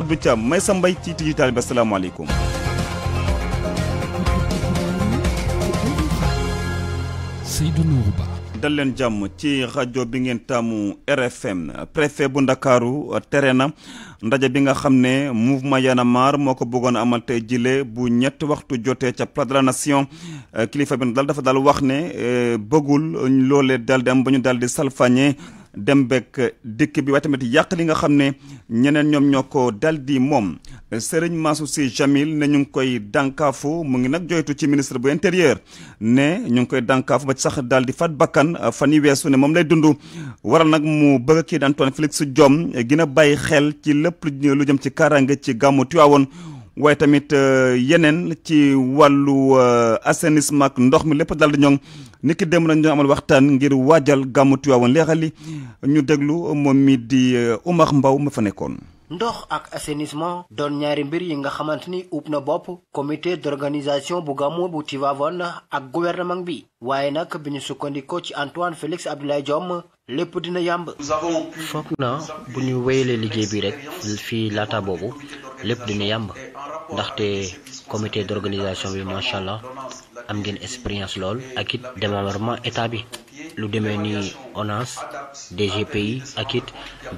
Abdou Thiam sa mbay ci digital bi dal leen jàmm ci rajo bi ngeen taamu RFM préfet bu ndakaaru tere na ndaje bi nga xam ne mouvement Y'en moo ko bëggoon amal tey jile bu ñett waxtu jotee ca place de la nation kilifa bi nag daal dafa dal wax ne euh, bëggul loolee daal di am ba ñu daal di salfañe dem bekk dikk bi waaye tamit yàq li nga xam ne ñeneen ñoom ñoo ko dal di moom Serigne Mansour Sy Jamil ne ñu ngi koy dànkaafu mu ngi nag joytu ci ministre bu intérieur ne ñu ngi koy dànkaafu ba sax daal di faat bakkan fan yi weesu ne moom lay dund waral nag mu bëgg kii daan di Antoine Félix jom gën a bàyyi xel ci lépp lu jëm ci kaaraange ci gàmmu Tiwaawoon waaye tamit euh, yeneen ci wàllu euh, assainissement ak ndox mi lépp daal di ñoŋ dem na ñoo amal waxtaan ngir waajal gàmmu Tiwaawan leexali ñu déglu moom mi di euh, umax Mbaw ma fa nekkoon ndox ak assainissement doon ñaari mbir yi nga xamante ni ub na bopp comité d'organisation bu gàmmu bu Tivaouane ak gouvernement bi waaye nag bi ñu sukkandikoo ci Antoine Félix Abdoulaye jomm lépp dina yàmb. foog na bu ñu wéyalee liggéey bi rek fii laata boobu lépp dina yàmb ndaxte comité d'organisation bi macha allah am ngeen expérience lool ak it démembrement état bi lu demee ni ONAS DGPI ak it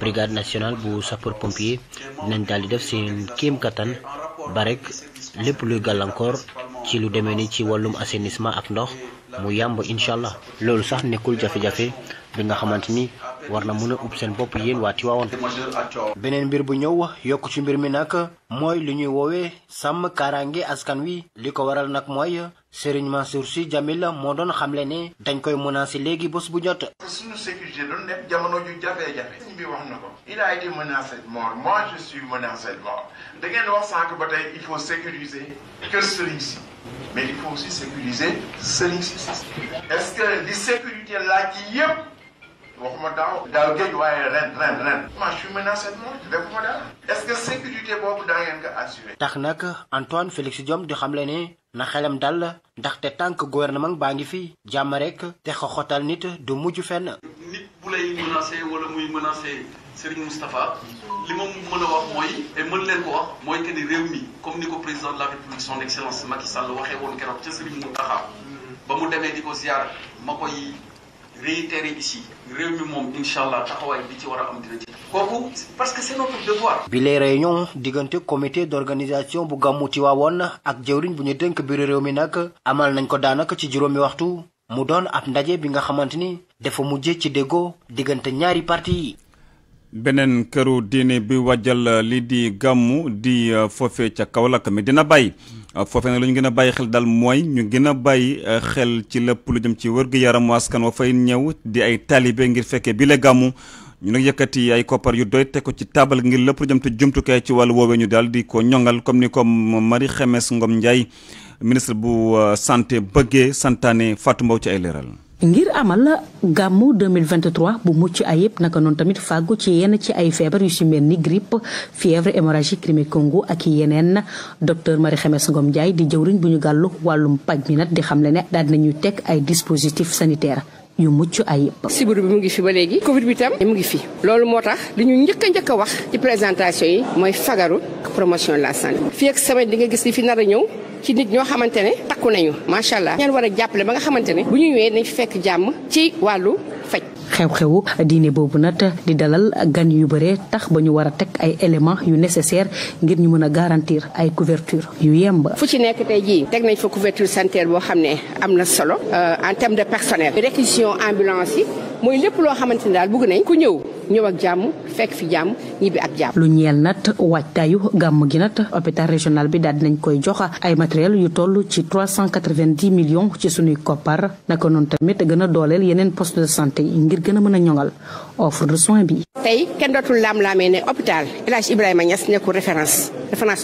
brigade nationale bu sapeur pompier dinañ daal di def seen kiim kattan ba lépp luy gàllankoor ci lu demee ni ci wàllum assainissement ak ndox mu yàmb incha allah loolu sax nekkul jafe-jafe. bi nga xamante ni war na mën a bopp yéen waa Tiwaawoon beneen mbir bu ñëw wax yokk ci mbir mi nag mooy li ñuy woowee sàmm kaaraange askan wi li ko waral nag mooy Serigne Mansour Sy Djamil moo doon xamle ne dañ koy menacer léegi bos bu jot. suñu sécurité doon nekk jamono ju jafe-jafe. sëñ li sécurité laaj yi yëpp. waxuma daaw daaw géej waaye ren ren ren. ma je suis menacé de mort defuma dara. est-ce que sécurité boobu daa ngeen ko assuré. tax nag Antoine Félix Diome di xamle ne na xelam dal ndaxte tànk gouvernement baa ngi fi jàmm rek te xoxotal nit du mujj fenn. nit bu lay menacé wala muy menacé Serigne Moustapha li ma mën a wax mooy et mën leen ko wax mooy que ni réew mi comme ni ba mu demee di ko ziar ma koy. réitéré ici réew diggante comité d'organisation bu gàmmu ci na ak jëwriñ bu ñu dénk biir réew mi nag amal nañ ko daanaka ci juróomi waxtu mu doon ab ndaje bi nga xamante ni dafa mujje ci déggoo diggante ñaari parti yi. beneen këru diine bi wajal li di gàmmu di foofee ca Kaolack mi dina bàyyi. Euh, foofee nag lu ñu gën a bàyyi xel daal mooy ñu gën a bàyyi euh, xel ci lëpp lu jëm ci wër gu yaram askan wa fay ñëw di ay taalibe ngir fekkee bi la gàmmu ñu nag yëkkati ay koppar yu doy teg ko ci taabal ngir lépp lu jëm te jumtukaay ci wàllu woowee ñu daal di ko ñongal comme ni ko Marie Khemesse Ngom Ndiaye ministre bu euh, santé bëggee santaane Fatou Mbow ci ay leeral ngir amal gàmmu 2023 bu mucc ayib naka noonu tamit fàggu ci yenn ci ay feebar yu si mel ni grippe fièvre hémorragique Crimée-Congo ak yeneen docteur Marie Khemesse Ngom Ndiaye di jëwriñ bu ñu gàllu wàllum paj mi nag di xamle ne daal nañu teg ay dispositif sanitaire yu mucc ayib. siburu bi mu ngi fi ba léegi. Covid bi tam mu ngi fi. loolu moo tax li ñu njëkk a njëkk a wax ci présentation yi mooy fagaru promotion la santé. fii ak semaine di nga gis li fi nar a ñëw. ci nit ñoo xamante ne takku nañu macha allah ñeen war a jàppale ba nga xamante ne bu ñu ñëwee nañ fekk jàmm ci wàllu faj. xew-xewu diine boobu na di dalal gan yu bare tax ba ñu war a teg ay éléments yu nécessaires ngir ñu mën a garantir ay couverture yu yemb. fu ci nekk tey jii teg nañ fa couverture sanitaire boo xam ne am na solo euh, en terme de personnel. réquisition ambulance yi mooy lépp loo xamante ne daal bëgg nañ ku ñëw. ñëw ak jàmm fekk fi jàmm ñibbi ak jàmm. lu ñeel nat waajtaayu gàmm gi nat hôpital régional bi daal dinañ koy jox ay matériel yu toll ci trois cent quatre-vingt-dix millions ci sunuy koppar naka noonu tamit gën a dooleel yeneen poste de santé ngir gën a mën a ñoŋal. offre de soins bi. tey kenn dootul laam-laamee ne hôpital El Hadj Ibrahima Niass nekkul référence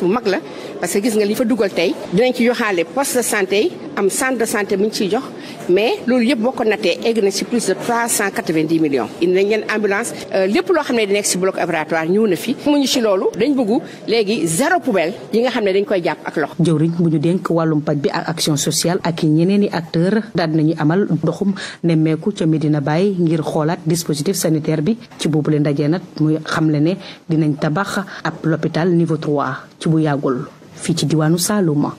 bu mag la parce que gis nga li fa dugal tey dinañ ci yoxaale poste de santé am centre santé bu ñu jox mais loolu yëpp boo ko nattee egg na ci plus de trois cent quatre-vingt-dix millions. indi nañ euh, ne di nekk ci bloc opératoire ñëw na fi. mu ci loolu dañ bëgg léegi zéro poubelle yi nga xam ne dañ koy jàpp ak loxo. jëwriñ bu ñu dénk wàllum paj bi ak action sociale ak ñeneen i acteurs daal nañu amal doxum nemmeeku ca Medina Baye ngir xoolaat dispositif sanitaire bi ci boobu la ndajee nag muy xamle ne dinañ tabax ab l'hôpital niveau 3 ci bu yàggul fii ci diwaanu Saloum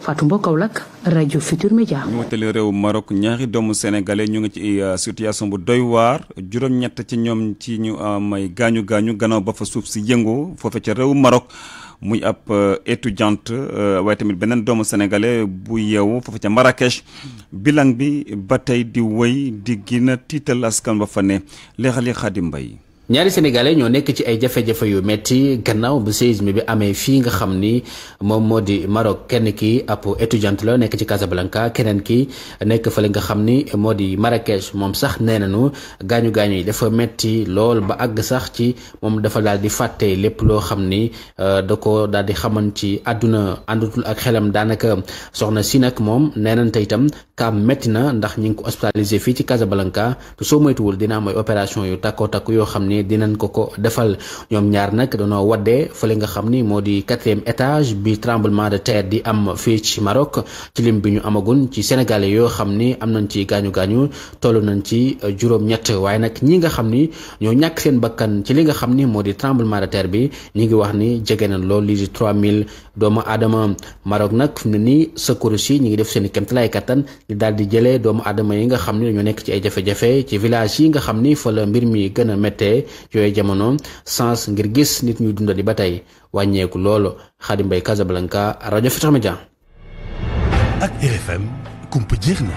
Fatou Mbow Kaolack rajo Futur Media. ñu wutale réew Maroc ñaari doomu sénégalais ñu ngi ci euh, situation bu doy waar juróom-ñett ci ñoom ci ñu may gaañu gaañu gannaaw ba fa suuf si yëngoo foofe ca réew Maroc. muy ab euh, étudiante euh, waaye tamit beneen doomu sénégalais bu yeewu foofu ca Marrakech bilan bi ba tey di woy di gën tiital askan ba fa ne leexali Xaadim Mbay ñaari sénégalais ñoo nekk ci ay jafe-jafe yu metti gannaaw bu séisme bi amee fii nga xam ni moom moo di Maroc kenn ki ab étudiante la nekk ci Casablanca keneen ki nekk fa fële nga xam ni moo di Marrakech moom sax nee nañu gaañu gaañu yi dafa metti lool ba àgg sax ci moom dafa daal di fàtte lépp loo xam ni euh, da ko daal di xaman ci àdduna àndatul ak xelam daanaka soxna si nag moom nee nañ te itam kaam métti na ndax ñi ngi ko hospitalisé fii ci Casablanca te soo moytuwul dina am ay opération yu takkoo takku yoo xam ni dinañ ko ko defal ñoom ñaar nag dañoo fa li nga xam ni moo di quatrième étage bi tremblement de terre di am fii ci Maroc ci lim bi ñu amagun ci Sénégalais yoo xam ni am nañ ci gaañu gaañu toll nañ ci juróom-ñett waaye nag ñi nga xam ni ñoo ñàkk seen bakkan ci li nga xam ni moo di tremblement de terre bi ñi ngi wax ni jege na lool lii di 3000 doomu aadama Maroc nag fi mu ne nii secours yi ñi ngi def seen i kéemtalaay kattan di daal di jëlee doomu adama yi nga xam ni dañoo nekk ci ay jafe-jafe ci village yi nga xam ni fa la mbir mi gën a méttee yooyu jamono sens ngir gis nit ñuy dundali ba tey wàññeeku loolu Xaadim Mbay Casablanca rajo Futurs Médias ak RFM kumpa jeex na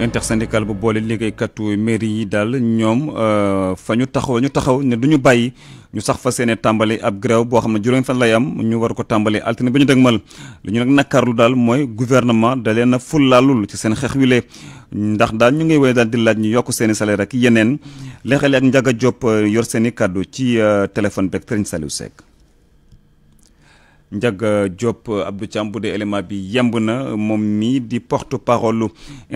intersyndical bu boole liggéeykatu mairie yi daal ñoom euh, fa ñu taxaw ñu taxaw ne du ñu bàyyi ñu sax fa seen tàmbali ab grève boo xam ne juróom fan lay am ñu war ko tàmbali altine ba ñu dëgmal li ñu nag nakkarlu daal mooy gouvernement da leen a fullaalul ci seen xeex wile ndax daal ñu ngi wéy daal di laaj ñu yokk seeni i rek ak yeneen leexale ak Ndiaga Diop euh, yor seen i kàddu ci euh, téléphone beeg Serigne Saliou Seck Ndiaga Diop Abdou Thiam bu dee élément bi yemb na moom mii di porte parole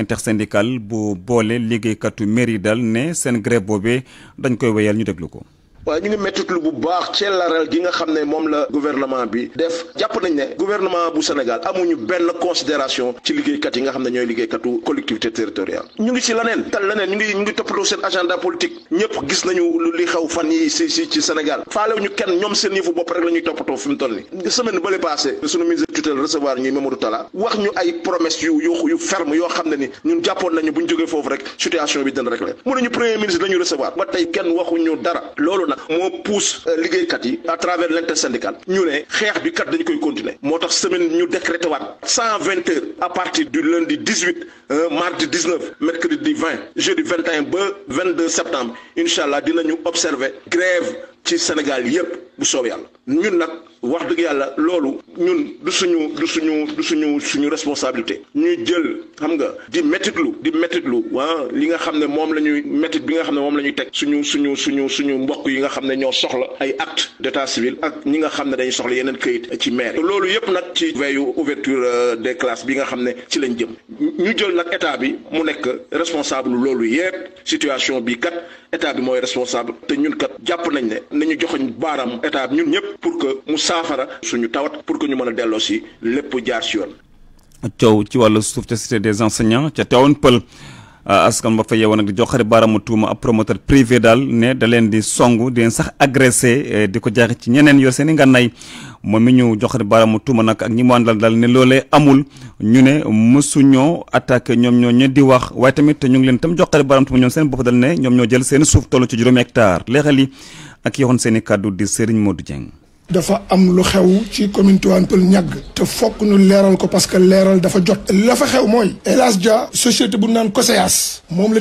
intersyndical bu boole liggéeykatu mairie dal ne seen grève boobee dañ koy wéyal ñu déglu ko. waaye ñu ngi mettitlu bu baax cellaral gi nga xam ne moom la gouvernement bi def jàpp nañ ne gouvernement bu Sénégal amuñu benn considération ci liggéeykat yi nga xam ne ñooy liggéeykatu collectivité territoriale ñu ngi ci leneen tal leneen ñu ngi ñu ngi toppatoo seen agenda politique ñëpp gis nañu li xew fan yi si si Sénégal faalewu ñu kenn ñoom seen yëfu bopp rek la toppatoo fi mu toll ni semaine bële passé suñu ministre de tutelle ñuy Mamadou yu yu yoo xam ne ni ñun jàppoon nañu bu ñu jógee foofu rek situation bi dana rek la mu ne ñu waxuñu dara loolu nag moo pousse euh, liggéeykat yi à travers l'intersyndicale ñu ne xeex bi kat dañu koy continuer moo tax semaine ñu décrété waat cent vingt heures à partir du lundi dix huit euh, mardi dix neuf mercredi vingt jeudi vingt et un ba vingt deux septembre incha allah dinañu observer grève ci Sénégal yépp bu soob yàlla ñun nag wax dëgg yàlla loolu ñun du suñu du suñu suñu suñu responsabilité ñuy jël xam nga di métitlu di métitlu waa ah, li nga xam ne moom la ñuy métit bi nga xam ne moom la ñuy teg suñu suñu suñu suñu mbokk yi nga xam ne ñoo soxla ay acte d'état civil ak ñi nga xam ne dañuy soxla yeneen kayit ci maire loolu yëpp nag ci veille ouverture euh, des classes bi nga xam ne ci lañ jëm ñu jël nag état bi mu nekk responsable loolu yëpp situation bi kat état bi mooy responsable te ñun saafara suñu tawat pour que ñu mën a delloo si lépp jaar si yoon. coow ci wàllu suuf ca cité des enseignants ca Tivaouane Peulh askan ba fa yeewoon ak di joxari baaraamu tuuma ab promoteur privé daal ne da leen di song di leen sax agressé eh, di ko jaaxe ci ñeneen yor seen i ngànnaay moom mi ñu joxari baaraamu tuuma nag ak ñi mu àndal daal ne loolee amul ñu ne mësuñoo attaqué ñoom ñoo ñe di wax waaye tamit ñu ngi leen tam joxari baaraamu tuuma ñoom seen bopp dal ne ñoom ñoo jël seen suuf toll ci juróomi hectare leexal yi ak yoxoon seen i kàddu di Serigne Modou Dieng dafa am lu xew ci commune Tivaouane Peulh ñàgg te fokk nu leeral ko parce que leeral dafa jot la fa xew mooy El Hadj Dia société bu naan COSEAS moom la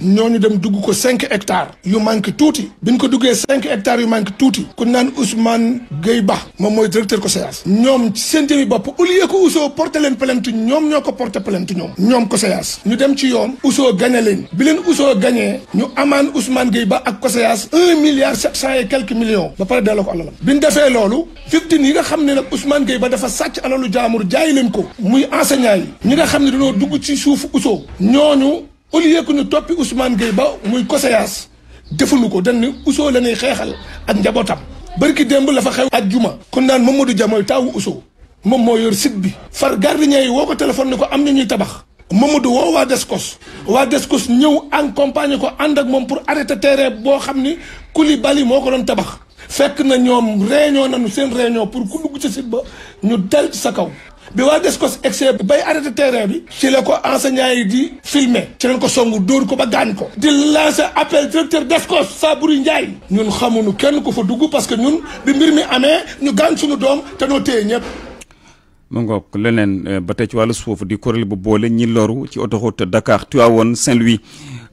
ñoo ñu dem dugg ko cinq hectares yu manque tuuti bi ñu ko duggee cinq hectares yu manque tuuti ku naan Ousmane Gueye Ba moom mooy directeur COSEAS ñoom ci seen jëmi bopp au lieu que Ousso porté leen plainte ñoom ñoo ko porté plainte ñoom ñoom COSEAS ñu dem ci yoon Ousso gagné leen bi leen Ousso gagné ñu amaan Ousmane Gueye Ba ak COSEAS un milliard sept cent et quelques ba pare delloo ko bi ñu defee loolu victime yi nga xam ne nag Ousmane Gueye ba dafa sàcc alalu jaamur jaay leen ko muy enseignant yi ñi nga xam ne dañoo dugg ci suufu usoo ñooñu au lieu que ñu toppi Ousmane Gueye ba muy COSEAS defuñu ko dañ ne usoo la ñuy xeexal ak njabootam bërki démb la fa xew ak juma kon naan Mamadou Dia mooy taawu usoo moom moo yor site bi far gardien yi woo ko téléphone ni ko am na ñuy tabax Mamadou woo waa des Descos waa des Descos ñëw accompagner ko ànd ak moom pour arrêter terrain boo xam ni Koulibaly moo ko doon tabax fekk na ñoom réunion nañu seen réunion pour ku dugg ci site ba ñu dal sa kaw bi waa Descos excès bay arrêté terrain bi ci la ko enseignants yi di filmer ci leen ko songu dóor ko ba gaañ ko di lancé appel directeur Descos Sabouri Ndiaye ñun xamuñu kenn ku fa dugg parce que ñun bi mbir mi amee ñu gaañ suñu doom te noo téye ñëpp mu ngoog leneen euh, ba tey ci wàllu suuf di kuréel bu boole ñi loru ci autoroute Dakar Tivaouane Saint-Louis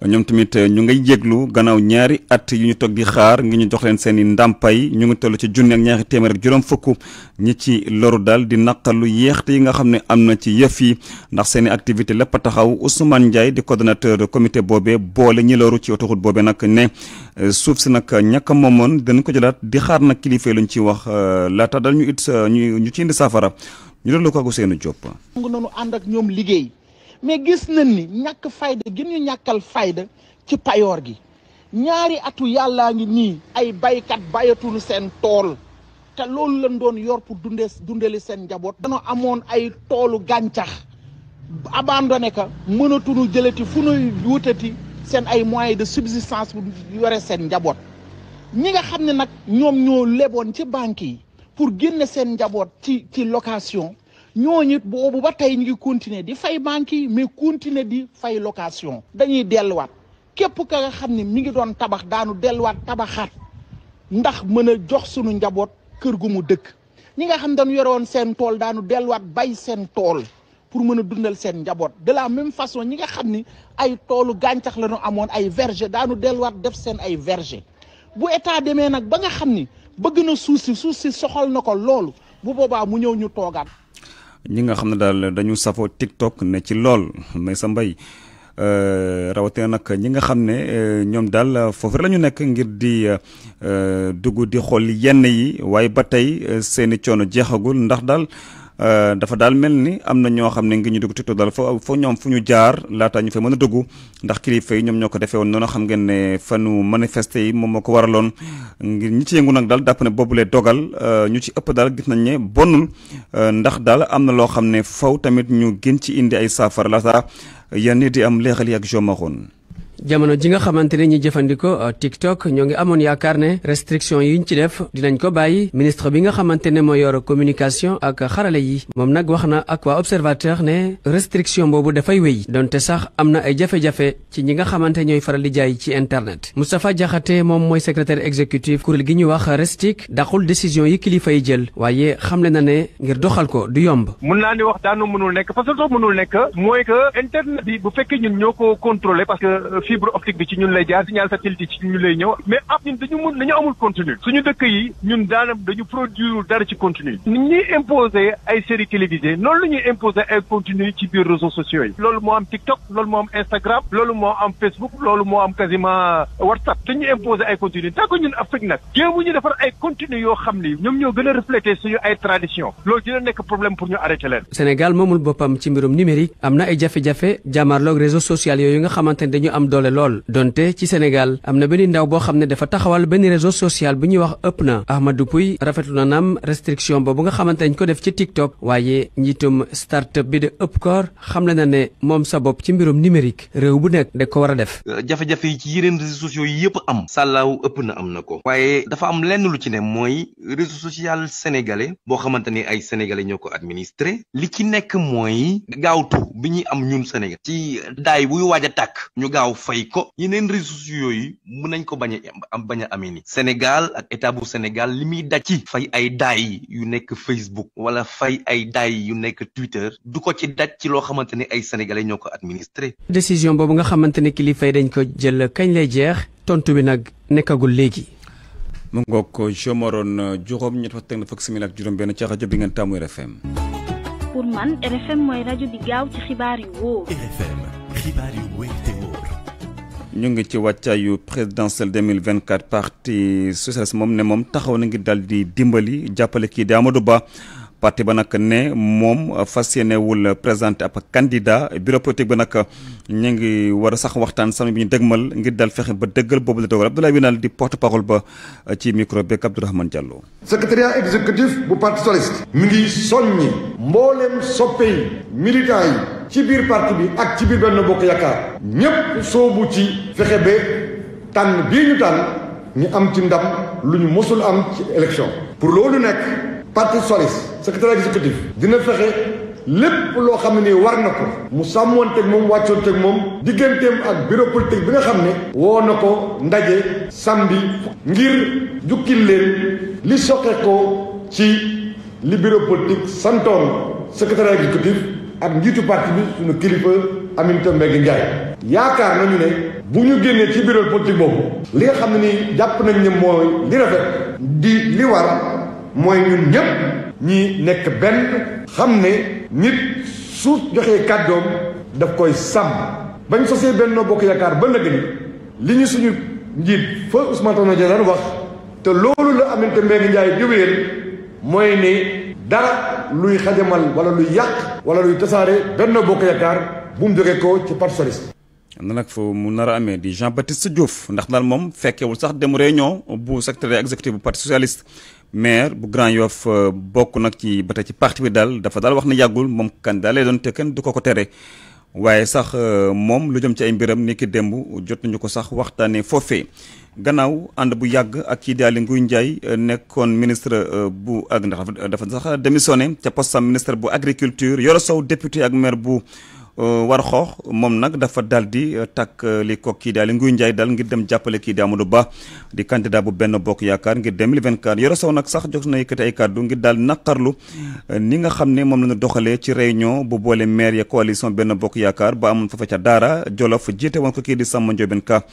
ñoom tamit euh, ñu ngay yéglu gannaaw ñaari at yu ñu toog di xaar ngi ñu jox leen seeni i ndàmpaay ñu ngi tollu ci junni ak ñaari téeméer ak juróom fukk ñi ci loru daal di naqarlu yéexte yi nga xam ne am na ci yëf yi ndax seen activité lépp taxaw Ousmane Ndiaye di coordonnateur comité boobee boole ñi loru ci autoroute boobee nag ne euh, suuf si nag ñàkk a moomoon dinañ ko jëlaat di xaar nag kilifa luñ ci wax euh, laata dal ñu it ñu ñu ci indi saafara ñu doon la ko ak Ousseynou Diop. mais gis nañ ni ñàkk fayda gën ñu ñàkkal fayda ci payoor gi ñaari atu yàllaa ngi nii ay baykat bayatul seen tool te loolu lañ doon yor pour dundee dundali seen njaboot dañoo amoon ay toolu gàncax abandonné ka mënatuñu jëlati fu nu wutati seen ay moyens de subsistance bu yore seen njaboot ñi nga xam ne nag ñoom ñoo leboon ci bank yi pour génne seen njaboot ci ci location ñooñu boobu ba tey ñu ngi continuer di fay banque yi mais continuer di fay location dañuy delluwaat képp ka nga xam ni mi ngi doon tabax daanu delluwaat tabaxaat ndax mën a jox sunu njaboot kër gu mu dëkk ñi nga xam dañu yore seen tool daanu delluwaat bay seen tool pour mën a dundal seen njaboot de la même façon ñi nga xam ni ay toolu gàncax la amoon ay verger daanu delluwaat def seen ay verger bu état demee nag ba nga xam ni bëgg na suuf si suuf si soxal na ko loolu bu boobaa mu ñëw ñu toogaat. ñi nga xam ne daal dañu safoo TikTok ne ci lool mais sa mbay euh, rawatina nag ñi nga xam ne euh, ñoom daal foofu la ñu nekk ngir di euh, dugg di xool yenn yi waaye ba tey seeni coono jeexagul ndax daal. Euh, dafa daal mel ni am na ñoo xam ne ngi ñu dugg TikTok daal fo foo ñoom fu ñu jaar laata ñu fa mën a dugg ndax kilifa yi ñoom ñoo ko defee woon noonu xam ngeen ne fanu manifester yi moom moo ko waraloon ngir ñi ci yëngu nag daal dàpp ne boobulee dogal euh, ñu ci ëpp daal gis nañu ne bonnul euh, ndax daal am na loo xam ne faw tamit ñu gën ci indi ay saafara laata yenn di am leexal yi ak jomaxoon jamono ji nga xamante ne ñi jëfandikoo euh, TikTok ñoo ngi amoon yaakaar ne restriction yi ñu ci def dinañ ko bàyyi ministre bi nga xamante ne moo yor communication ak xarale yi moom nag wax na ak waa observateur ne restriction boobu dafay wéy donte sax am na ay jafe-jafe ci ñi nga xamante ñooy faral di jaay ci internet Moustapha Diakhaté moom mooy secrétaire exécutif kuréel gi ñu wax Restic daxul décision yi kilifa yi jël waaye xamle na ne ngir doxal ko du yomb. mun naa fibre optique bi ci ñun lay jaar signal satellite yi ci ñun lay ñëw mais am ñun dañu mun dañu amul contenu suñu dëkk yi ñun daanam dañu produire dara ci contenu ni ñuy imposer ay séries télévisées noonu la ñuy imposer ay contenu ci biir réseaux sociaux yi loolu moo am TikTok loolu moo am Instagram loolu moo am Facebook loolu moo am quasiment WhatsApp dañuy imposer ay contenu tant que ñun Afrique nag jéemuñu defar ay contenu yoo xam ni ñoom ñoo gën a refléter suñu ay tradition loolu dina nekk problème pour ñu arrêter leen Sénégal moomul boppam ci mbirum numérique doole lool donte ci Sénégal am na benn ndaw boo xam ne dafa taxawal benn réseau social bi ñuy wax ëpp na Ahmadou Pouy rafetlu na nam restriction bu nga xamante ñu ko def ci TikTok waaye njiitum startup bi de Upcore xamle na ne moom sa bopp ci mbirum numérique réew bu nekk de ko war a def. Euh, jafe-jafe yi ci yeneen réseaux sociaux yi yëpp am. sàllaaw ëpp na am na ko. waaye dafa am lenn lu ci ne mooy réseau social sénégalais boo xamante ni ay sénégalais ñoo ko administré li ci nekk mooy gaawtu bi ñuy am ñun Sénégal ci daay buy waaj tàkk ñu gaaw fay ko yeneen réseaux sociaux yi mun nañ ko bañ a bañ amee ni Sénégal ak état bu Sénégal li muy daj ci fay ay daay yu nekk Facebook wala fay ay daay yu nekk Twitter du ko ci daj ci loo xamante ne ay sénégalais ñoo ko administré. décision boobu nga xamante ne kilifa yi dañ ko jël kañ lay jeex tontu bi nag nekkagul léegi. mu ngoog jomoroon juróom ñett waxtu na fukk simili ak juróom benn ci rajo bi ngeen taamu RFM. pour man RFM mooy rajo bi gaaw ci xibaar yu wóor. ñu ngi ci wàccaayu présidentielle 2024 parti socialiste moom ne moom taxaw na ngir daal di dimbali jàppale kii di Amadou Ba. parti ba nag ne moom fas yéenewul présenté ab candidat bureau politique ba nag ñu ngi war a sax waxtaan samedi bi ñu dégmal ngir daal fexe ba dëggal boobu la dogal Abdoulaye Binal di porte parole ba ci micro beeg Abdourahmane Diallo. secrétariat exécutif bu parti socialiste. mu ngi soññi. mboolem soppe yi militant yi. ci biir parti bi ak ci biir benn bokk yaakaar. ñépp soobu ci. fexe ba tànn bii ñu tànn ñu am ci ndam lu ñu mosul am ci élection. pour loolu parti solis secrétaire exécutif dina fexe lépp loo xam ne nii war na ko mu sàmmoonteeg moom wàccoonteeg moom digganteem ak bureau politique bi nga xam ne woo na ko ndaje samedi ngir jukkil leen li soqe ko ci li bureau politique santoon secrétaire exécutif ak njiitu parti bi suñu kilifa Aminata Mbengue Ndiaye yaakaar nañu ne bu ñu génnee ci bureau politique boobu li nga xam ne nii jàpp nañ ne mooy li rafet di li war mooy ñun ñëpp ñi nekk benn xam ne nit su joxee kàddoom daf koy sàmm bañ sosee Benno Bokk Yaakaar ba nëgg ni li ñu suñu njiit fa Ousmane Tanor Dieng daan wax te loolu la Aminata Mbengue Ndiaye jubéen mooy ni dara luy xajamal wala luy yàq wala luy tasaare Benno Bokk Yaakaar bu mu jógee ko ci parti na nag fu mu nar a amee di Jean Baptiste Diouf ndax daal moom fekkewul sax dem réunion bu secrétaire exécutif bu parti socialiste maire bu Grand Yoff euh, bokk nag ci ba tey ci partie bi daal dafa daal wax na yàggul moom kan daal lay doon te kenn du ko ko tere waaye sax euh, moom lu jëm ci ay mbiram ni ki démb jot nañu ko sax waxtaanee foofee gannaaw ànd bu yàgg ak kii daal di Nguy Ndiaye euh, nekkoon ministre bu ak ndax dafa sax démissionné ca postam ministre bu agriculture Yoro Sow député ak maire bu. Euh, war xoox moom nag dafa dal di euh, takk euh, li ko kii daal Nguy Ndiaye daal ngir dem jàppale kii di Amadou Ba di candidat bu benn bokk yaakaar ngir 2024 Yoro Sow nag sax jox na yëkkati ay kàddu ngir daal naqarlu ni nga xam ne moom la ñu doxalee ci réunion bu boole maire ya coalition benn bokk yaakaar ba amoon fa ca daara Jolof jiite woon ko kii di Samba Ndiobène Ka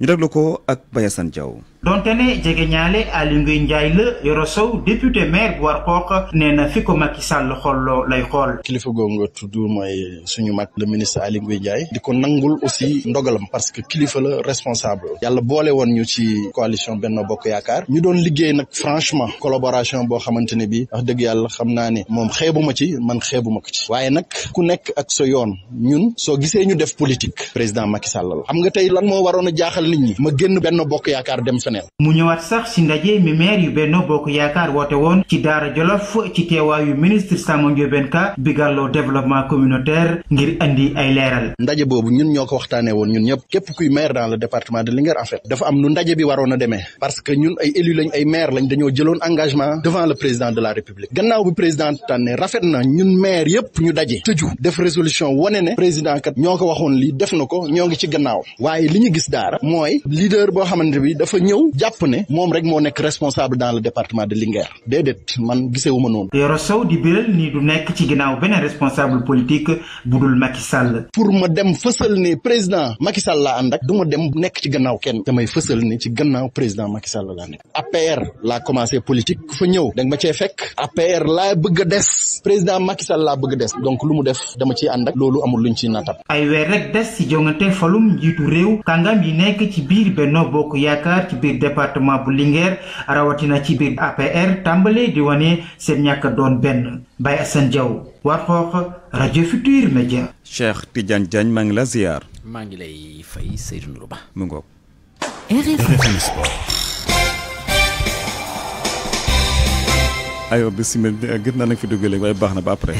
ñu déglu ko ak Bayasan Diaw. donte ne jege ñaale Aly Ngouille la Yoro député maire bu Warxoox nee na fi ko Macky Sall xolloo lay xool. kilifa googu nga tudd mooy suñu mag la ministre Aly Ngouille Ndiaye. di ko nangul aussi ndogalam parce que kilifa la responsable. yàlla boole woon ñu ci coalition Benno Bokk Yaakaar. ñu doon liggéey nag franchement. collaboration boo xamante ne bii. wax dëgg yàlla xam naa ne. moom xeebuma ci man xeebuma ko ci. waaye nag ku nekk ak sa yoon ñun. soo gisee ñu def politique. président Macky nit ñi ma génn benn bokk yaakaar dem feneen. mu ñëwaat sax si ndaje mi maire yu benn bokk yaakaar woote woon ci Daara Jolof ci teewaayu ministre Samba Ndiobène bi gàlloo développement communautaire ngir andi ay leeral. ndaje boobu ñun ñoo ko waxtaanee woon ñun ñëpp képp kuy maire dans le département de Linguère en fait dafa am nu ndaje bi waroon a demee parce que ñun ay élus lañ ay maire lañ dañoo jëloon engagement devant le président de la république gannaaw yëpp ñu daje tëju def résolution wane ne ñoo ko waxoon lii def na ko ñoo ngi ci gannaaw mooy leader boo xamante bi dafa ñëw jàpp ne moom rek moo nekk responsable dans le département de Linguère déedéet man gisewu ma noonu. Yoro Sow di biral ni du nekk ci ginnaaw benn responsable politique bu dul Macky Sall. pour ma dem fësal ne président Macky Sall laa ak du ma dem nekk ci gannaaw kenn damay fësal ne ci gannaaw président Macky Sall laa nekk. APR laa politique ku fa ñëw da ma cee fekk. APR laa bëgg a des. président Macky Sall laa bëgg des. donc lu mu def dama ciy ànd ak. loolu amul luñ ciy naatam. ay weer rek des ci joŋante falum njiitu réew. kàngam yi nekk ci biir Benno Bokk Yaakaar ci biir département bu Linguère rawatina ci biir APR tàmbale di wane seen ñàkk doon benn Baye Assane Diaw war xoox rajo Futur Media. Cheikh Tidiane Diagne maa ngi la ziar. maa ngi lay fay Seydou Ndour Ba mu ngoog. ayo bisimilah gis naa nag fi duggee léegi waaye baax na ba après.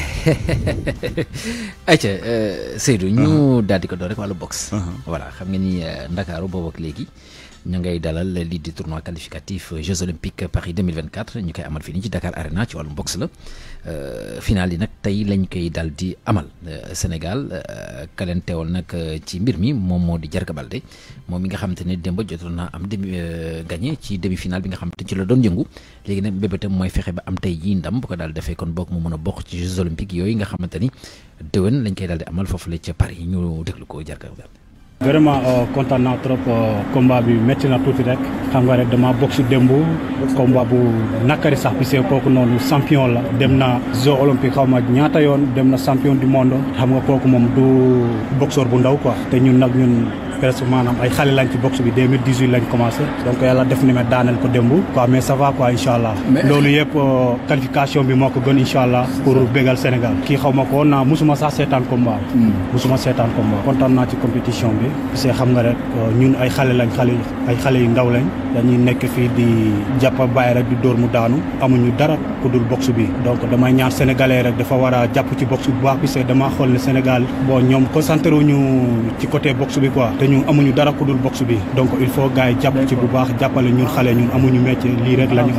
ayca euh, Seydou. ñu uh-huh. daal di ko doon box. Uh-huh. voilà xam nga ni euh, Ndakaaru boobu ak léegi. ñu ngay dalal lii di tournoi qualificatif Jeux olympiques Paris 2024 ñu koy amal fii nii ci Dakar Arena ci wàllum boxe la euh, final yi nag tey lañ koy dal di amal euh, Sénégal euh, kaleen teewal nag ci mbir mi moom moo di Jarga Balde moom mi nga xamante ne démb jotoon naa am demi gagné ci demi final bi nga xamante ci la doon yëngu léegi nag bébétam mooy fexe ba am tey jii ndam bu ko daal defee kon bokk mu mën a bokk ci Jeux olympiques yooyu nga xamante ni déwén koy daal di amal foofu la ca Paris ñu déglu ko Jarga Balde vraiment euh, kontaan naa trop euh, combat bi métti na tuuti rek xam nga rek dama bokk si démb combat bu nakari sax kooku noonu champion la dem na jeux olympique xaw ñaata yoon dem na champion du monde xam nga kooku moom du boxeur bu ndaw quoi te ñun nag ñun presque maanaam ay xale lañ ci boxe bi 2018 lañ commencé donc yàlla def na ma daaneel ko démb quoi mais ça va quoi incha allah loolu yëpp euh, qualification bi moo ko gën incha allah pour bégal Sénégal kii xaw ma ko woon naa seetaan combat mosuma hmm. seetaan combat kontaan naa ci compétition bi parce que xam euh, ñun ay xale lañ xale ay xale yu ndaw lañ nekk fii di jàpp bàyyi rek di dóor mu daanu amuñu dara ku dul boxe bi donc damay ñaan sénégalais rek dafa war a jàpp ci boxe bu baax parce que damaa xool ne Sénégal bon ñoom concentré wuñu ci côté boxe bi quoi ñu amuñu dara ku dul box bi donc il faut gars yi jàpp ci bu baax jàppale ñun xale ñun amuñu métier lii rek la am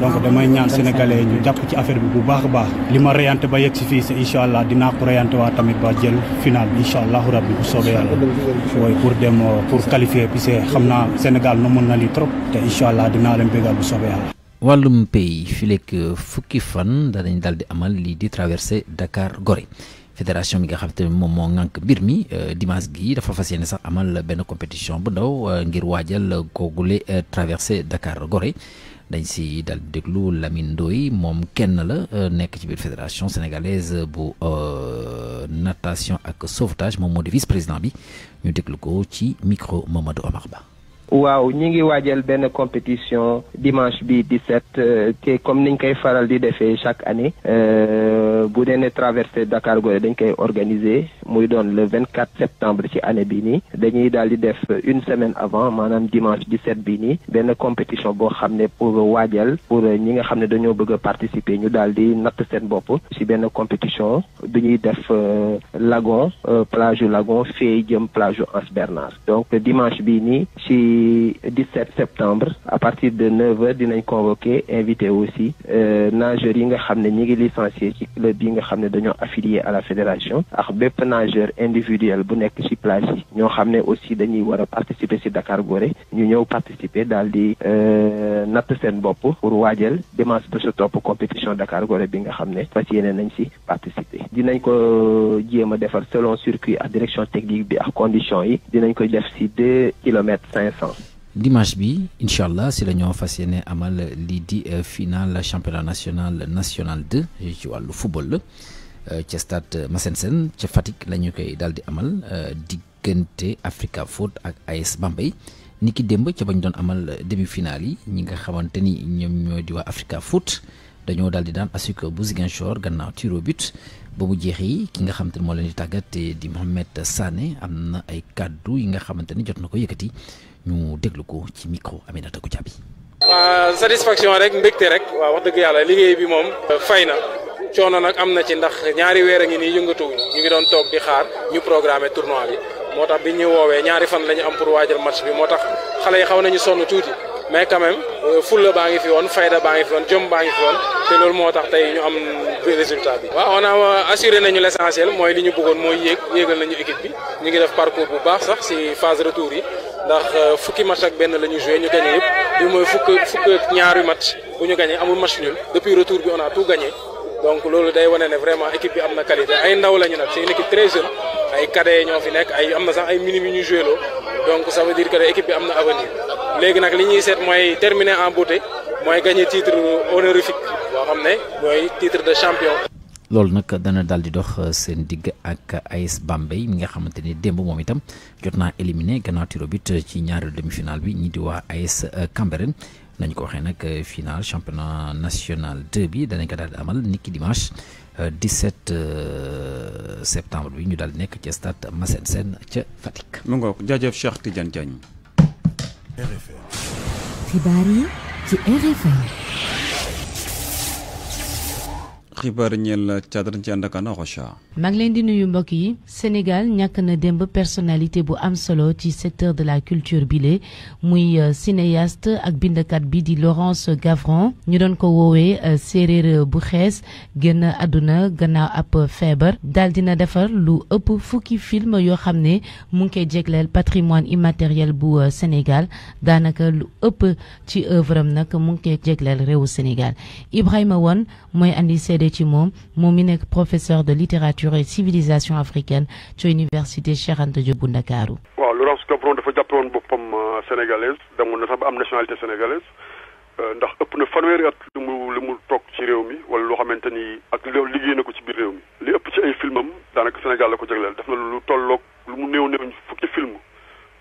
donc damay ñaan sénégalais ñu jàpp ci affaire bi bu baax a baax li ma reyante ba yegg si fii si incha allah dinaa ko reyante waa tamit ba jël final bi incha allahu rabbi bu soobee yàlla pour dem pour qualifier puis c'est xam naa Sénégal no mën na lii trop te incha allah dinaa leen bégal bu soobee yàlla wàllum pays fukki fan danañ daal di amal lii di traversé Dakar Gorée fédération bi nga xam te ne moom moo ŋànk mbir mi euh, dimanche gii dafa fas yéene sax amal benn compétition bu ndaw euh, ngir waajal googule euh, traversée Dakar Gorée dañ si dal di déglu Lamine Ndoye moom kenn la nekk ci biir fédération sénégalaise bu natation ak sauvetage moom di vice président bi ñu déglu ko ci micro Mamadou Omar Ba. waaw ñi ngi waajal benn compétition dimanche bi 17 euh, te comme ni niñ koy faral di defee chaque année euh, bu dee ne traversée Dakar Gorée dañ koy organiser muy doon le vingt quatre septembre ci année bi nii dañuy daal di def une semaine avant maanaam dimanche dix-sept bi nii benn compétition boo xam ne pour waajal pour ñi nga xam ne dañoo bëgg a participer ñu daal di natt seen bopp ci benn compétition bi ñuy def euh, lagon euh, plage yu lagon fee jëm plage yu Anse Bernard donc dimanche bii nii ci 17 septembre à partir de 9 heures dinañ convoqué invité aussi euh, nageurs yi nga xam ne ñi ngi licencié ci club yi nga xam ne dañoo affilié à la fédération nageur individuel bu nekk ci plage yi ñoo xam ne aussi dañuy war a participer ci Dakar Gorée ñu ñëw participer daal di euh, natt seen bopp pour waajal dimanche ba sa topp compétition Dakar Gorée bi nga xam ne fas yéene nañ ci participer dinañ ko euh, jéem a defar selon circuit ak direction technique bi ak condition yi dinañ koy def ci deux kilomètres cinq cents dimanche bi incha allah si la ñoo fas amal lii di euh, final championnat national national 2 ci wàllu football Euh, ca stade Massensène ca Fatick la ñu koy daal di amal euh, diggante Africa Foot ak AS Bambey ni ki démb ca bañ doon amal demi-finale yi ñi nga xamante ni ñoom ñoo di waa Africa Foot dañoo daal di daan ASUC bu Ziguinchor gannaaw tiro but ba mu jeex yi ki nga xamante ni moo leen di tàggate di Mohamed Sané am na ay kàddu yi nga xamante ni jot na ko yëkkati ñu déglu ko ci micro Aminata Goudiaby. waaw satisfaction rek mbégte rek waaw wax dëgg yàlla liggéey bi moom. Euh, fay na. coono nag am na ci ndax ñaari weer a ngi nii yëngatuwuñ ñu ngi doon toog di xaar ñu programmer tournoi bi moo tax bi ñu woowee ñaari fan lañu am pour waajal match bi moo tax xale yi xaw nañu sonn tuuti mais quand même euh, fulla baa ngi fi woon fayda baa ngi fi baa ngi fi woon te loolu tax tey ñu am résultat bi. waaw on a euh, assuré nañu l' mooy li ñu bëggoon mooy yéeg yéegal nañu équipe bi ñu ngi def parcours bu baax sax si phase retour yi ndax euh, fukki match ak benn la ñu joué ñu gagné yëpp bi mooy fukk fukk ñaari match bu ñu gagné amul match nul depuis retour bi on a tout donc loolu day wane ne vraiment équipe bi am na qualité ay ndaw lañu nag c'est une équipe très jeune ay cadets ñoo fi nekk ay am na sax ay minimes yu ñu joué loo donc ça veut dire que équipe bi am na avenir léegi nag li ñuy seet mooy terminer en beauté mooy gagner titre honorifique boo xam ne mooy titre de champion. loolu nag dana daal di dox seen digg ak AS Bambey mi nga xamante ni démb moom itam jot naa éliminé gannaaw tiro but ci ñaareelu demi-finale bi ñi di waa AS Cambérène. nañ ko waxee nag euh, final championnat national 2 danañ ko daal di amal niki dimanche 17 euh, euh, septembre bi ñu daal nekk ca stade Massène Sène ca Fatick. mu ngoog jaajëf Cheikh Tidiane Diagne. xibaar yi ci RFM. xibaar ñeel cadran ci leen di nuyu mbokk yi Sénégal ñàkk na démb personnalité bu am solo ci secteur de la culture bile muy euh, cinéaste ak bindkat bi di Laurence Gavron ñu doon ko woowee euh, séeréer bu xees génn àdduna gannaaw ab feebar daal dina defar lu ëpp fukki film yoo xam ne mu ngi koy jégleel patrimoine immatériel bu euh, Sénégal daanaka lu ëpp ci œuvre am nag mu ngi koy réewu Sénégal Ibrahima Wane mooy andi seede jàppee ci moom moom mi nekk professeur de littérature et civilisation africaine ci université Cheikh Anta Ndakaaru. waaw Laurence Gavron dafa jàppe boppam euh, sénégalaise demoon na sax ba am nationalité sénégalaise euh, ndax ëpp na fanweeri at lu mu lu ci réew mi wala loo xamante ni ak loolu liggéey na ko ci biir réew mi. li ëpp ci ay filmam daanaka Sénégal la ko jagleel def na lu tolloog lu mu néew néew fukki film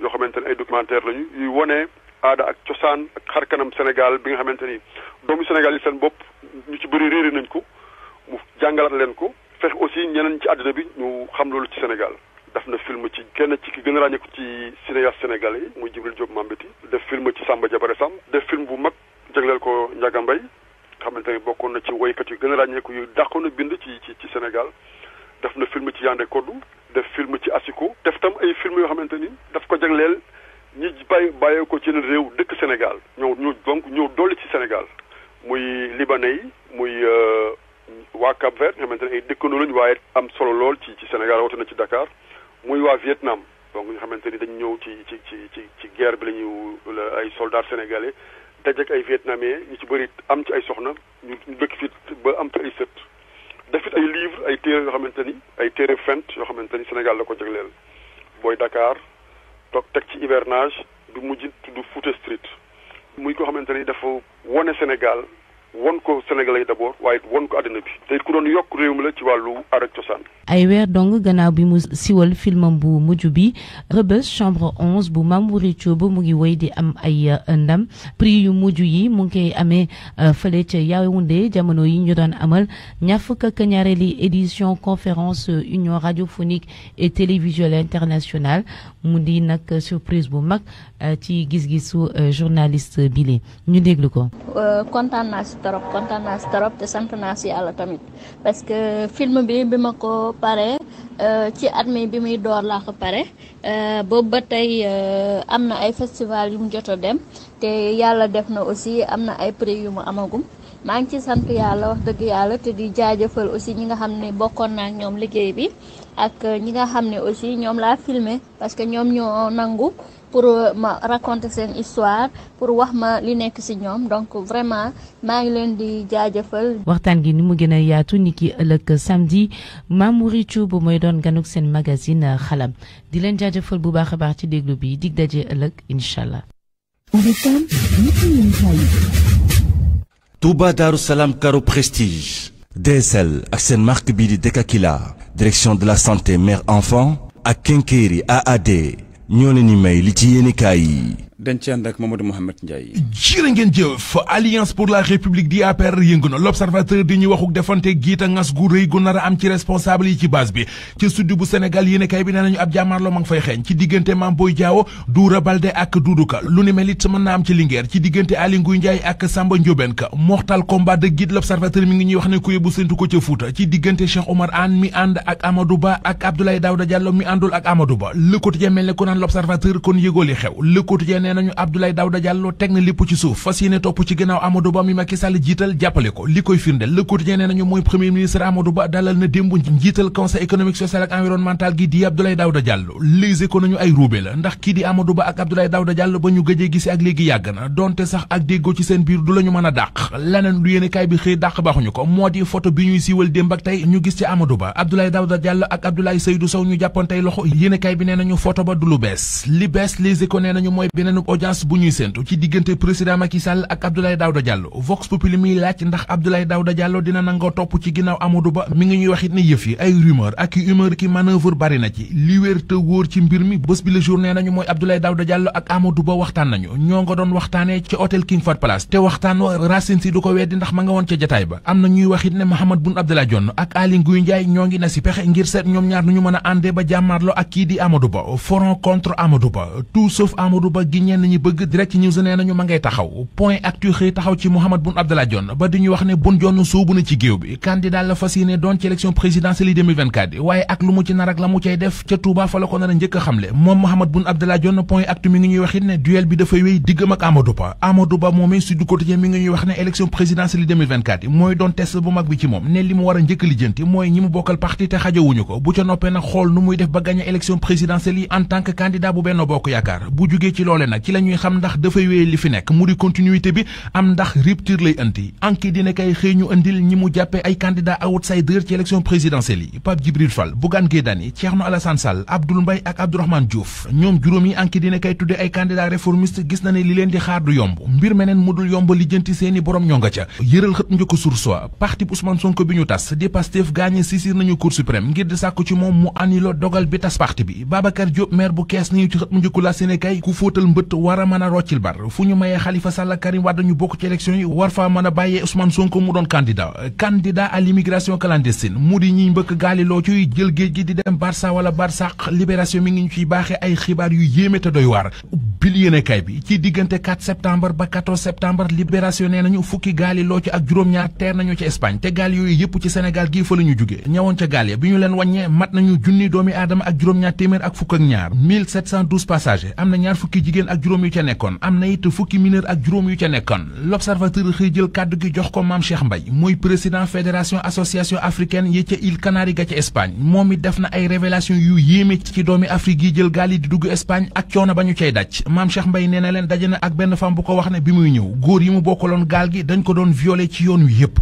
yoo xamante ne ay documentaire lañu yuy wone aada ak cosaan ak bi nga xamante ni doomu yi mu jàngalaat leen ko fexe aussi ñeneen ci àddina bi ñu xam loolu ci Sénégal def na film ci kenn ci ki gën a ràññeeku ci cinéaste sénégalais yi muy Djibril Diop Mambéty def film ci Samba Diabaré Samb def film bu mag jagleel ko Ndiaga Mbaye xamante ne bokkoon na ci woykat yi gën a ràññeeku yu dàqoon na bind ci ci ci Sénégal def na film ci Yandé Codou def film ci Asiko def tam ay film yoo xamante ni daf ko jagleel ñi bàyyi bàyyee ko ci yeneen réew dëkk Sénégal ñëw ñu donc ñëw dolli ci Sénégal muy libanais yi muy euh, waa Cap Vert nga xamante ne ay dëkkandoo lañu waaye am solo lool ci ci Sénégal woote na ci Dakar muy waa Vietnam donc nga xamante ni dañu ñëw ci ci ci ci ci guerre bi la ñu ay soldats sénégalais dajeek ay vietnamiens ñu ci bëri am ci ay soxna ñu dëkk fit ba am ci ay sët def it ay livres ay téere yoo xamante ni ay téere fent yoo xamante ni Sénégal la ko jagleel booy dakaar toog teg ci hivernage du mujj tudd Fouta Street muy ko xamante ni dafa wone Sénégal won ko Sénégalais yi waaye won ko àddina bi te ku doon yokk réew mi la ci ay weer dong gannaaw bi mu siwal filmam bu mujju bi Rebeuss chambre 11 bu Mamouri Diop mu ngi woy di am ay uh, ndam prix yu mujj yi mu ngi koy amee uh, fële ca jamono yi ñu doon amal ñaar fukk ak ñaareeli édition uh, union radiophonique et télévisuelle internationale mu di nag surprise bu mag ci gis-gisu journaliste bile ñu déglu ko. trop kontaan naa trop te sant si yàlla tamit parce que film bi bi ma ko pare euh, ci at mi bi muy door laa ko pare euh, boobu ba tey euh, am na ay festival yu mu jot a dem te yàlla def na aussi am na ay prix yu mu amagum maa ngi ci sant yàlla wax dëgg yàlla te di jaajëfal aussi ñi nga xam ne bokkoon naa ak ñoom liggéey bi ak ñi nga xam ne aussi ñoom laa filmer parce que ñoom ñoo nangu. pour euh, ma raconter seen histoire pour wax ma li nekk ci ñoom donc vraiment maa ngi leen di jaajafal waxtaan gi ni mu gën a yaatu ni ki ëllëg samedi Mamouri Thioub mooy doon ganuk seen magazine euh, xalam di leen jaajëfal bu baax a baax ci déglu bi dig daje ëllëg incha allah. Touba Darou Salam Karo Prestige. DSL ak seen marque bii di Dekakila direction de la santé mère enfant ak Kenkeri AAD. ñoo leen ni may li ci yéenekaay yi dañ ci ànd ak Mamadou Mouhamed Ndiaye. jërë ngeen jëf alliance pour la république di APR yëngu na l' observateur di ñu waxuk defante giita ngas gu rëy gu nar a am ci responsable yi ci base bi ci sud bu Sénégal yéen kay bi nee nañu ab jàmmaarloo ma ngi fay xeeñ ci diggante Mame Boye Diao Doura Baldé ak Doudou Ka lu ni mel it mën naa am ci Linguère ci diggante Aly Ngouille Ndiaye ak Samba Ndiobène Ka mortal combat de guide mi ngi ñuy wax ne ku yóbbu séntu ko ca diggante Cheikh Omar Anne mi ànd ak Amadou Ba ak Abdoulaye Daouda Diallo mi àndul ak Amadou Ba Le Quotidien mel ne ku naan nee na lépp ci suuf fas yéene topp ci gannaaw Amadou Ba mi Macky Sall jiital jàppale li koy firndeel Le Quotidien nee mooy premier ministre Amadou Ba dalal na démb njiital conseil économique social ak environnemental gi di Abdoulaye Daouda Diallo léegi ko nañu ay ruube la ndax kii di Amadou Ba ak Abdoulaye Daouda Diallo ba ñu gëjee gisi ak léegi yàgg na donte sax ak déggoo ci seen biir du la ñu mën a dàq laneen du yéene kaay bi xëy dàq baaxuñu ko moo di photo bi ñuy siiwal démb ak tey ñu gis ci Amadou Ba Abdoulaye Daouda Diallo ak Abdoulaye Seydou Sow ñu jàppantey loxo yéene kaay bi nee nañu photo ba du lu bees li bees léegi ko nee nañu mooy beneen audience bu ñuy séntu ci diggante président Macky ak Abdoulaye Daouda Diallo Vox Populi muy laaj ndax Abdoulaye Daouda Diallo dina nangoo topp ci ginnaaw Amadou Ba mi ngi ñuy wax ne yëf yi ay rumeur ak humeur ki manœuvre bari ci li wóor ci mbir mi bés bi la journée nañu mooy Abdoulaye Daouda Diallo ak Amadou Ba waxtaan nañu ñoo nga doon waxtaanee ci hôtel King Palace te waxtaan wa Racine Sy du ko weddi ndax ma nga woon ca jataay ba am na ñu a ñenn ñi nañu ma ngay taxaw point actu xëy taxaw ci Mahammed Boun Abdallah Dionne ba di ñu wax ne Boun Dionne soobu na ci géew bi candidat la fas yéene doon ci élection présidentielle yi waaye ak lu mu ci nar ak la mu cay def ca Touba fa la ko nar a njëkk a xamle moom Mahammed Boun Abdallah Dionne point actu mi ngi ñuy wax it ne duel bi dafay wéy diggam ak Amadou Ba Amadou Ba moomee Sud Quotidien mi ngi ñuy wax ne élection présidentielle yi mooy doon test bu mag nag ci la ñuy xam ndax dafay wéy li fi nekk mu di continuité bi am ndax rupture lay indi enquête dina kay xëy ñu indil ñi mu jàppee ay candidat outsider ci élection présidentielle yi Pape Djibril Fall Bougane Gueye Dany Thierno Alassane Sall Abdoul Mbaye ak Abdourahmane Diouf ñoom juróom yi enquête dina kay tuddee ay candidat réformiste gis na ne li leen di xaar du yomb mbir meneen mu dul yomb lijjanti seeni borom ñoo nga ca yëral xët njëkk sur soi parti bu bi ñu tas di bët war a mën a roccil bar fu ñu mayee Khalifa Sall Karim Wade ñu bokk ci élection yi war faa mën a bàyyee Ousmane Sonko mu doon candidat candidat à l'immigration clandestine mu di ñiy mbëkk gaali loo ciy jël géej gi di dem Barça wala Barsaq libération mi ngi ñu ciy baaxee ay xibaar yu yéeme te doy waar bil yéenekaay bi ci diggante 4 ba 14 septembre nee nañu fukki gaali loo ak juróom-ñaar teer nañu ci Espagne te gaal yooyu yëpp ci Sénégal ak juróom yu am na it fukki mineur ak juróom yu ca nekkoon l'observateur xëy jël kàddu gi jox ko maam Cheikh Mbaye mooy président fédération association africaine yi ca île Canaries ga ca Espagne moom it def na ay révélation yu yéeme ci doomi Afrique yi jël gaal yi di dugg Espagne ak coono ba ñu cay daj maam Cheikh Mbaye nee na leen daje na ak benn femme bu ko wax ne bi muy ñëw góor yi mu loon gaal gi dañ ko doon violé ci yoon wi yépp